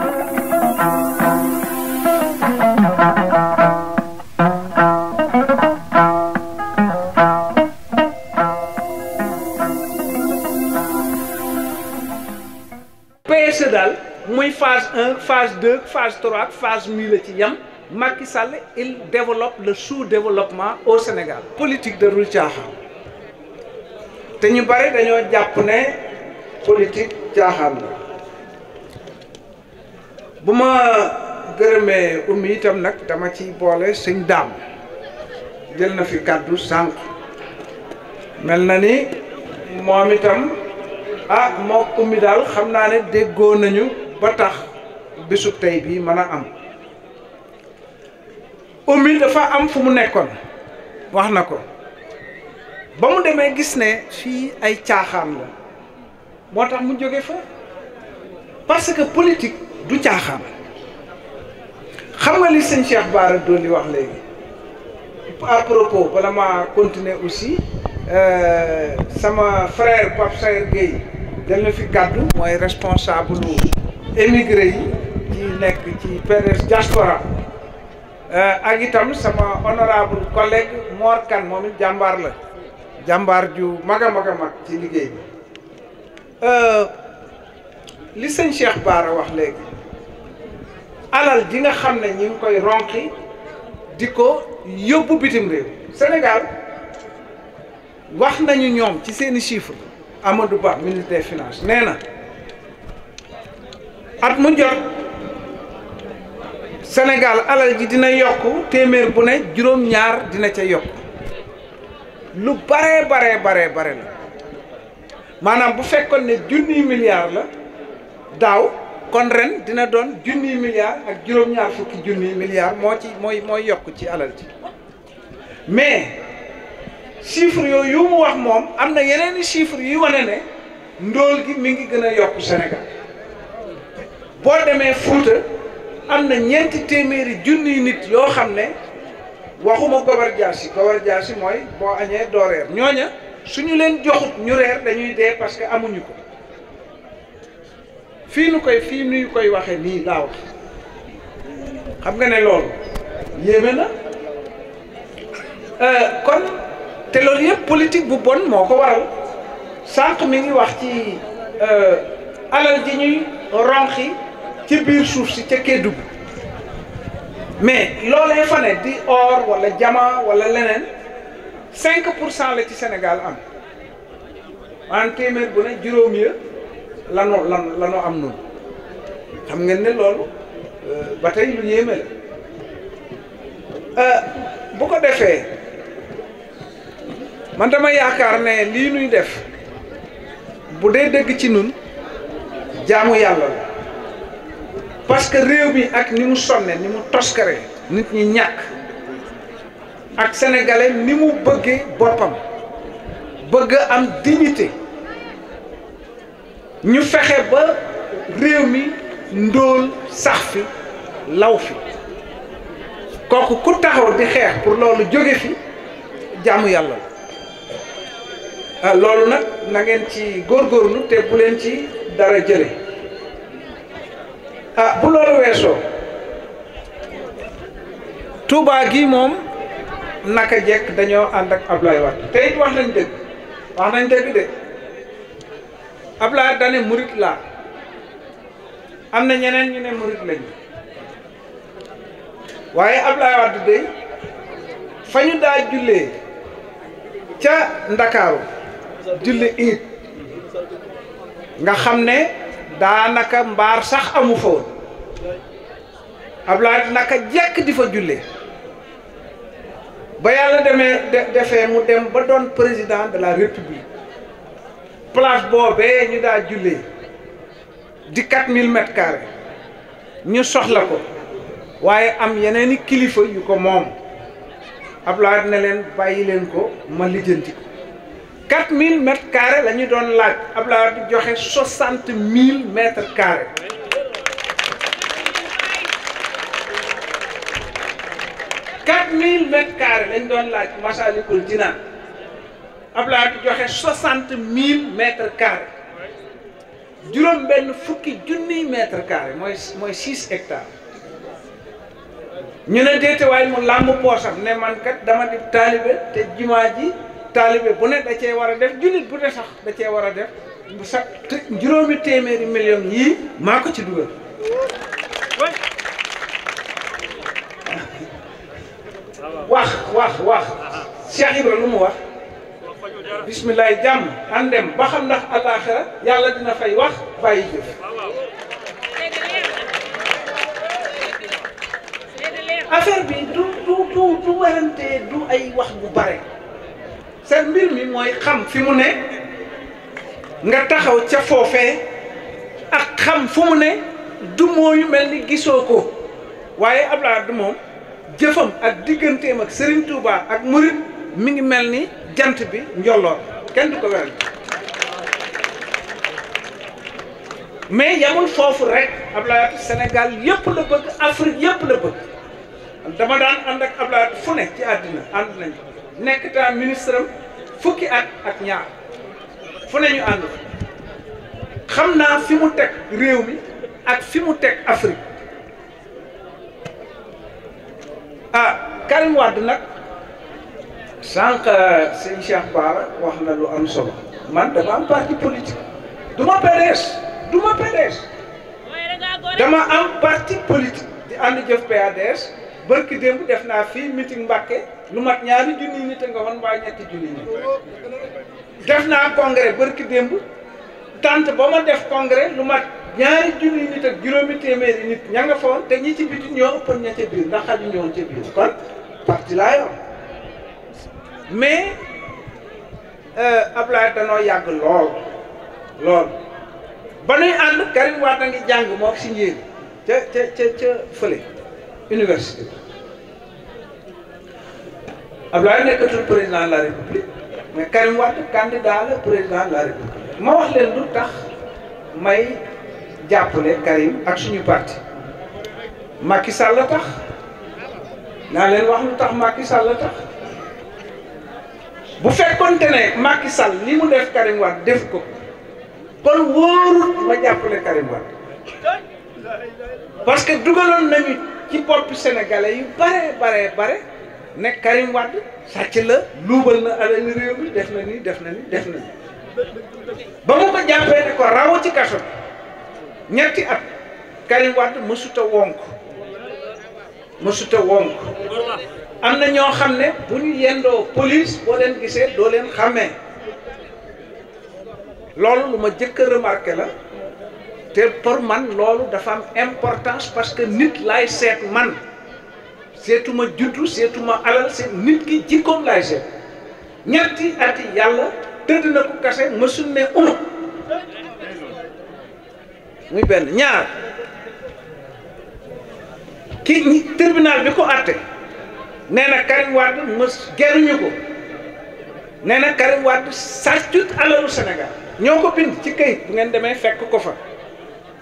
PSE daal mooy phase un phase deux phase trois mille ci yam Macky Sall il développe le sous-développement au Sénégal. politique de rul caaxaan te ñu bare dañoo jàpp ne politique caaxaan la. bu ma gërëmee ummi itam nag dama ci boole sëñ daam jël na fi kàddu sànq mel na ni moom itam ah moo ummi daal xam naa ne déggoo nañu ba tax bésu tey bii mën a am ummi dafa am fu mu nekkoon wax na ko ba mu demee gis ne fii ay caaxaan la moo tax mu jóge fa parce que politique du caaxaan xam nga li sëñ a Bara Dolly wax léegi à propos bala ma continuer aussi euh, sama frère Pape Sayer dal na fi gàddu mooy responsable lu émigré yi ci nekk ci PDS diaspora euh, ak itam sama honorable collègue Mor Kane moom it jàmbaar la jàmbaar ju mag a mag ci liggéey bi euh, li sëñ Cheikh Bara wax léegi alal ji nga xam ne ñi ngi koy ronqi di ko yóbbu bitim réew senegal wax nañu ñoom ci seeni chiffre Amadou Ba ministre des nee na at mu jot senegal alal ji dina yokk téeméer bu ne juróom-ñaar dina ca yokk lu baree baree baree bare la maanaam bu fekkoon ne junniy milliards la daaw kon ren dina doon junniy milliards ak juróom-ñaar fukki junniy milliards moo ci mooy mooy yokk ci alal ci mais chiffre yooyu mu wax moom am na yeneen chiffre yu wane ne ndóol gi mi ngi gën a yokk Sénégal boo demee Fuuta am na ñeenti téeméeri junniy nit yoo xam ne waxuma gobar jaasi gobar jaasi mooy boo añee doo reer ñooña ñu leen joxut ñu reer dañuy dee parce que amuñu ko fii nu koy fii nuy koy waxe nii laa wax xam nga ne loolu yéeme na euh, kon te loolu yëpp politique bu bon moo ko waral sànq mi ngi wax ci euh, alal ji ñuy ronxi ci biir suuf si ca Kédougou mais loolee fa ne di or walla jama wala leneen cinq pour cent la ci senegal am maanaam téeméer bu ne juróom ya lanoo lan lanoo am noonu xam ngeen ne loolu euh, ba tey lu yéeme la euh, bu ko defee man dama yaakaar ne lii nuy def bu dee dëgg ci nun jaamu yàlla la parce que réew mi ak ni mu sonne ni mu toskare nit ñi ñàkk ak sénégalais ni mu bëggee boppam bëgg am dignité ñu fexe ba réew mi ndóol sax fi law fi kooku ku taxaw di xeex pour loolu jóge fi jaamu yàlla la ah, loolu nag nangeen ngeen ci góorgóorlu te bu leen ci dara jële ah bu loolu weesoo Touba gi moom naka jekk dañoo ànd ak Ablaye Wade te it wax nañ dëgg wax nañ dëgg de Abdoulaye dane murit laa am na ñeneen ñu ne murit lañu waaye Abdoulaye Wade de fa ñu daa jullee ca Ndakaaru julli iit nga xam ne daanaka mbaar sax amu fa woon Abdoulaye naka jekk di fa jullee ba yàlla demee def defee mu dem ba doon président de la république place boobee ñu daa jullee di quatre mille ñu soxla ko waaye am yeneen i kilifa yu ko moom Abdoulaye ne leen bàyyi leen ko ma lijjanti ko quatre mille mètres doon laaj Abdoulaye di joxe soixante mille mètres carrés quatre lañ doon laaj Massalikul Jinaan Abdoulaye di joxe soixante mille mètres carrés juróom benn fukki junniy mètres carrés mooy mooy six ñu ne déete waaye mu làmb poosam ne man dama di taalibe te jumaa ji taalibe bu ne da cee war a def jullit bu ne sax da cee war a def bu sax juróomi téeméeri million yii maa ko ci dugal wax wax wax Cheikh Ibra lu mu wax bisimilah jàmm yàlla dina bi du du du du warante du ay wax bu bare seen mbir mi mooy xam fi mu ne nga taxaw ca foofee ak xam fu mu ne du mooyu mel ni gisoo ko waaye Abdoul Ahad moom jëfam ak digganteem ak Serigne Touba ak murit mi ngi mel ni jant bi njolloor kenn du ko mais yamul foofu rek Abdoulaye Wade senegal yëpp la bëgg yëpp la dama daan ànd ak Abdoulaye Wade fu ne ci àddina ànd nañ nekk temps ministre fukki at ak ñaar fu ne ñu ànd xam naa fi mu teg réew mi ak fi mu teg Afrique ah Karim Wade nag sànq sëñ Cheikh Bara wax na lu am solo man dama am parti politique du ma PDS du ma PDS dama am parti politique di ànd jëf PADS barki démb def naa fii meeting Mbàkke lu mat ñaari junniy nit a nga woon mbaa ñetti junniy nit def naa congrès barki démb tant ba ma def congrès lu mat ñaari junniy nit ak juróomi téeméeri nit ña fa woon te ñi ci biti ñoo ëppoon ña ca biir ndax xaju ñoon ca kon parti laa yor mais euh, Ablaye danoo yàgg lool lool ba nuy ànd Karim Wade a ngi jàng moo si njéeg ca ca ca ca fële université Ablaye nekkatul président de la république mais Karim Wade candidat la président la république ma wax leen lu tax may jàppale Karim ak suñu parti Macky la tax naa leen wax lu tax Macky Sall la tax bu fekkonte ne Macky sal li mu def Karim Wade def ko kon wóorut ma jàppale Karim parce que dugaloon nañu ci bopp sénégalais yu bare bare bare ne Karim Wade sàcc la luubal na alal réew mi def na ni def na ni def na ni ba mu ko jàppee ne ko rawo ci kaso ñetti at Karim Wade mësuta wonk mësuta wonk am na ñoo xam ne bu ñu yendoo police boo leen gisee doo leen xàmmee loolu lu ma jëkk a la te pour man loolu dafa am importance parce que nit laay seet man seetuma juddu seetuma alal seet nit ki jikkoom laay seet ñetti ati yàlla tëdd na ko kase mësul ne uma muy benn ñaar ki tribunal bi ko àtte nee na Karim Wade mës geruñu ko nee na Karim Wade sàccut alalu Sénégal ñoo ko bind ci kayit bu ngeen demee fekk ko fa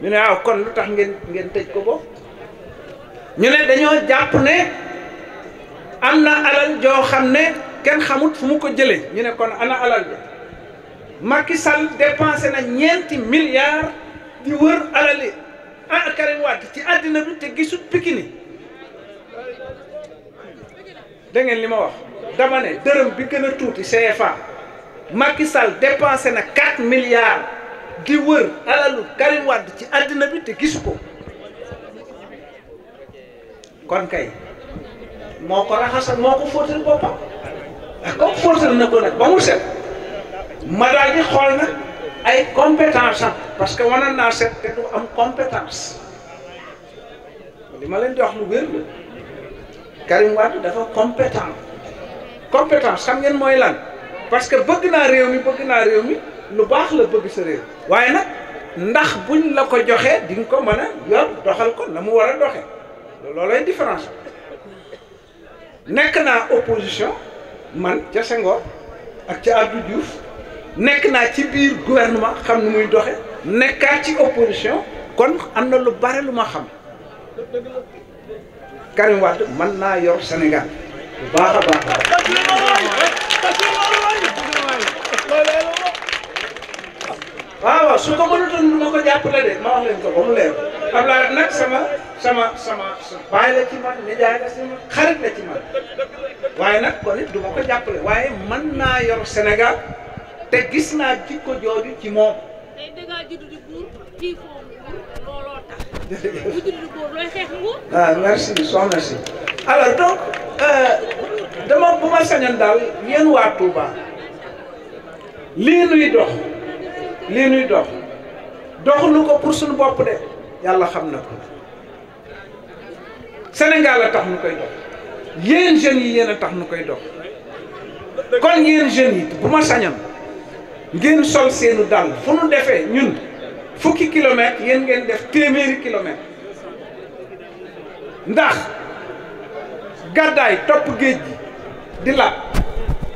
ñu ne aw ah, kon lu tax ngeen ngeen tëj ko ko ñu ne dañoo jàpp ne am na alal joo xam ne kenn xamut fu mu ko jëlee ñu ne kon ana alal bi Macky Sall dépensé na ñeenti milliards di wër alali ah Karim Wade ci àddina bi te gisut Pikini da li ma wax dama ne dërëm bi gën a tuuti CFA Macky Sall dépensé na 4 milliards di wër alalu Karim ci àddina bi te gisu ko kon kay moo ko raxasal moo ko fóotal boppam ah, comme fóotal na ko nag ba mu set ma daal di xool nag ay compétence am parce que wane naa set te du am compétence li ma leen di wax lu wér Karim Wade dafa compétent compétence xam mooy lan parce que bëgg naa réew mi bëgg naa réew mi lu baax la bëgg sa réew waaye nag ndax buñ la ko joxee di nga ko mën a yor doxal ko na mu war a doxe doxee loolooy différence nekk naa opposition man ca Senghor ak ca Abdou Diouf nekk naa ci biir gouvernement xam ni muy doxe nekkaat ci opposition kon am na lu bare lu ma xam Karim Wade mën naa yor Sénégal bu baax a baax waaw waaw su ko mënutoon ma ko jàppale de ma leen ko mu leer Abdoulaye nag sama sama sama la ci man nijaay la ci man xarit la ci man waaye nag kon it du ma ko jàppale waaye mën naa yor Sénégal te gis naa jikko jooju ci moom ah merci soxna si alors donc euh, dama bu ma sañoon daal yéen waa Touba lii dox lii nuy dox nu ko pour suñu bopp de yàlla xam na ko Sénégal a tax nu koy dox yéen jeunes yi yéen a tax nu koy dox kon yéen jeunes yi bu ma sañoon ngeen sol seenu dàll fu nu defee ñun. fukki kilomètres yéen ngeen def téeméeri kilomètres ndax gàddaay topp géej gi di lab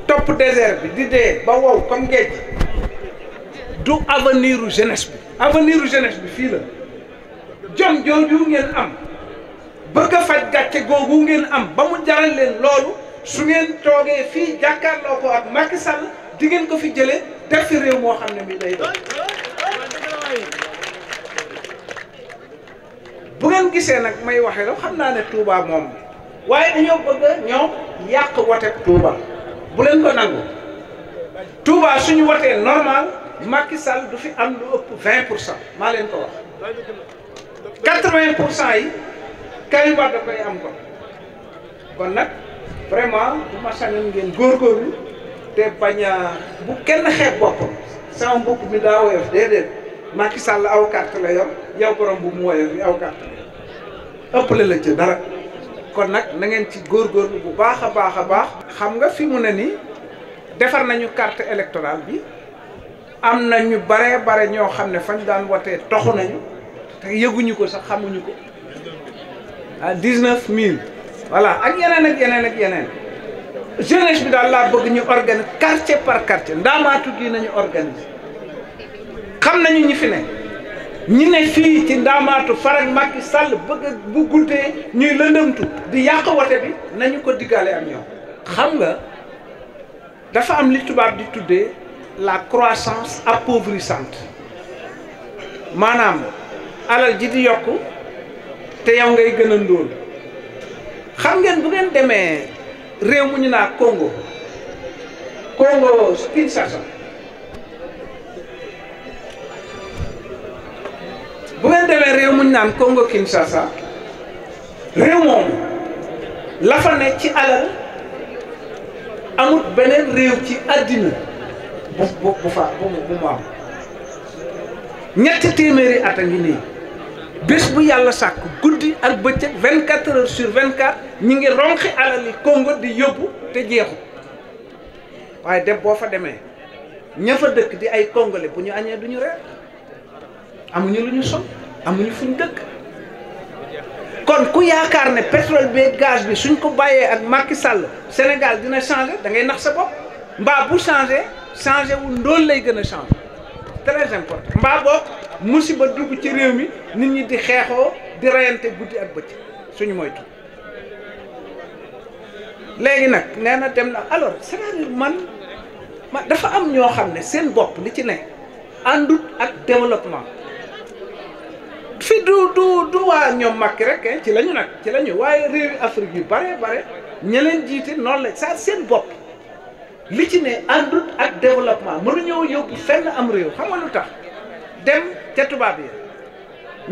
topp désert bi di dee ba wow comme géej du avenir u bi avenir u bi fii la jom jooju ngeen am bëgg a faj gàcce googu ngeen am ba mu jaral leen loolu su ngeen toogee fii jàkkaarloo ko ak Macky Sall di ngeen ko fi jëlee def fi réew moo xam ne mi day doon bu ngeen gisee nag may waxee la xam naa ne Touba moom waaye dañoo bëgg a ñoom yàq wote Touba bu leen ko nangu Touba suñu wotee normal Macky Sall du fi am lu ëpp vingt pour cent maa leen ko wax quatre-vingt pour cent yi Karim Wade da koy am ko kon nag vraiment bu ma sañoon ngeen góorgóorlu te bañ a bu kenn xeet boppam sama mbokk mi daa woyof déedéet Macky Sall aw carte la yor yow borom bu mu woyof bi aw carte ëppale la ci dara kon nag na ngeen ci góorgóorlu bu baax a baax a baax xam nga fi mu ne nii defar nañu carte électorale bi am na ñu bare bare ñoo xam ne fañ daan watee toxu nañu te yëguñu ko sax xamuñu ko ah dix-neuf mille voilà ak yeneen ak yeneen ak yeneen jeunesse bi daal laa bëgg ñu organiser quartier par quartier ndaamaatu gi nañu organiser xam nañu ñi fi ne ñi ne fii ci ndaamaatu farag Macky Sall bëgg a bu guddee ñuy lëndëmtu di yàq wote bi nañu ko diggaale ak ñoom xam nga dafa am li tubaab di tuddee la croissance sant maanaam alal ji di yokk te yow ngay gën a ndóol xam ngeen bu ngeen demee réew mu ñu naa Congo Congo Kinshasa naan Congo Kinshasa réew moomu la fa ne ci alal amut beneen réew ci àddina bu bu bu fa bu mu am ñetti téeméeri at a ngi nii bés bu yàlla sàkk guddi ak bëccëg vingt quatre heures sur vingt quatre ñi ngi ronqi alal yi di yóbbu te jeexu waaye dem boo fa demee ña fa dëkk di ay congolais bu ñu añee du ñu reer amuñu lu ñu sol amuñu fuñ dëkk kon ku yaakaar ne pétrole bi gaz bi suñ ko bàyyee ak Macky Sall Sénégal dina changer da ngay nax sa bopp mbaa bu changer changer wu ndóol lay gën a changer très important mbaa boog musiba dugg ci réew mi nit ñi di xeexoo di reyante guddi ak bëccëg suñu moytu léegi nag nee na dem na alors cest man ma dafa am ñoo xam ne seen bopp li ci ne àndut ak développement fi du du du waa ñoom Macky rek eh. ci lañu ñu nag ci lañu waaye réewi Afrique yu bare bare ña jiite noonu la saa seen bopp li ci ne àndut ak développement mënuñoo yóbbu fenn am réew xam nga lu tax dem ca tubaab yi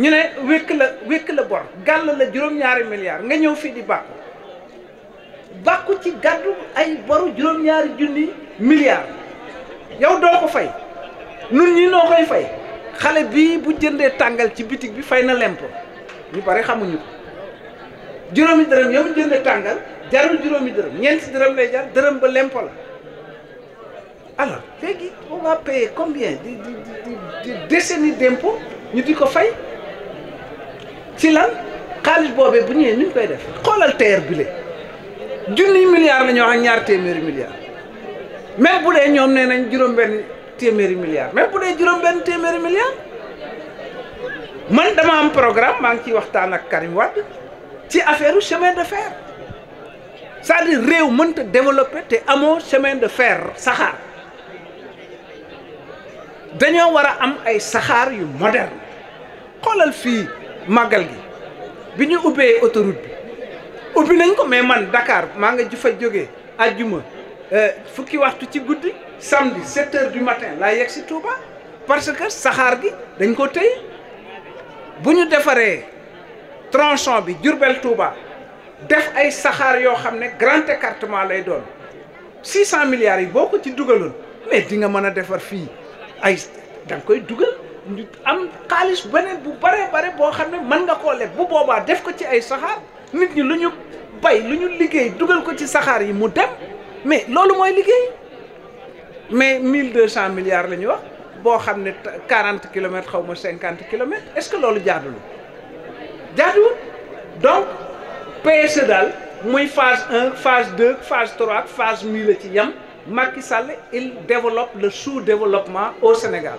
ñu ne wékk la wékk la bor gàll la juróom-ñaari milliards nga ñëw fii di bàkku bàkku ci gàddu ay boru juróom-ñaari junni milliards yow doo ko fay nun ñi noo koy fay xale bi bu jëndee tàngal ci bitig bi fay na lempo ñu bari xamuñu ko juróomi dërëm yow jëndee tàngal jarul juróomi dërëm ñeenti dërëm lay jar dërëm ba lempo la alors léegi on va payer di di di di décennie ñu di ko fay ci lan xaalis boobee bu ñëwee ñu koy def xoolal TER bi le junniy milliards la ñaar téeméeri milliards même bu dee ñoom nee nañ juróom-benn. téeméeri milliards même bu dee juróom-benn téeméeri milliards man dama am programme maa ngi ciy waxtaan ak Karim Wade ci affaire chemin de fer c'est-à-dire réew mënta développé te amoo chemin de fer saxaar dañoo war a am ay saxaar yu moderne xoolal fii màggal gi bi ñu ubbee autoroute bi ubbi nañ ko mais man Dakar maa nga ju fa jógee ajjuma euh, fukki waxtu ci guddi. samedi 7 heures du matin laa yegg si Touba parce que saxaar gi dañ ko tëye bu ñu defaree tronçon bi Diourbel Touba def ay saxaar yoo xam ne grand écartement lay doon 600 milliards yi boo ko ci dugaloon mais di nga mën a defar fii ay da koy dugal ñu am xaalis beneen bu bare bare boo xam ne mën nga koo leb bu boobaa def ko ci ay saxaar nit ñi lu ñu bay lu ñu liggéey dugal ko ci saxaar yi mu dem mais loolu mooy liggéey. mais mille deux cent milliards la ñu wax boo xam ne quarante kilomètres xaw ma cinquante kilomètres est-ce que loolu jaaduwul jaaduwul donc PSE daal muy phase un phase deux phase trois phase mille la ci yam Macky Sall il développe le sous-développement au Sénégal.